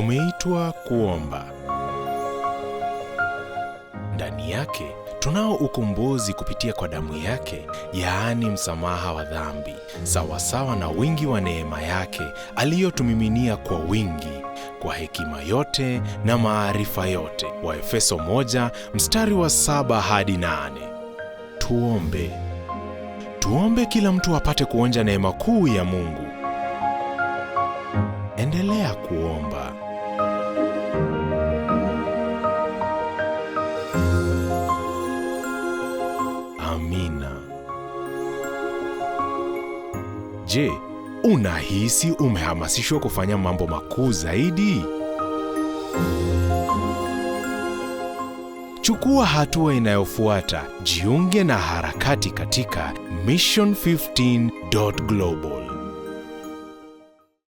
tumeitwa kuomba. Ndani yake tunao ukombozi kupitia kwa damu yake, yaani msamaha wa dhambi, sawasawa na wingi wa neema yake aliyotumiminia kwa wingi kwa hekima yote na maarifa yote. Waefeso 1 mstari wa 7 hadi 8 Tuombe, tuombe kila mtu apate kuonja neema kuu ya Mungu. Endelea kuomba. Amina. Je, unahisi umehamasishwa kufanya mambo makuu zaidi? Chukua hatua inayofuata. Jiunge na harakati katika mission15.global.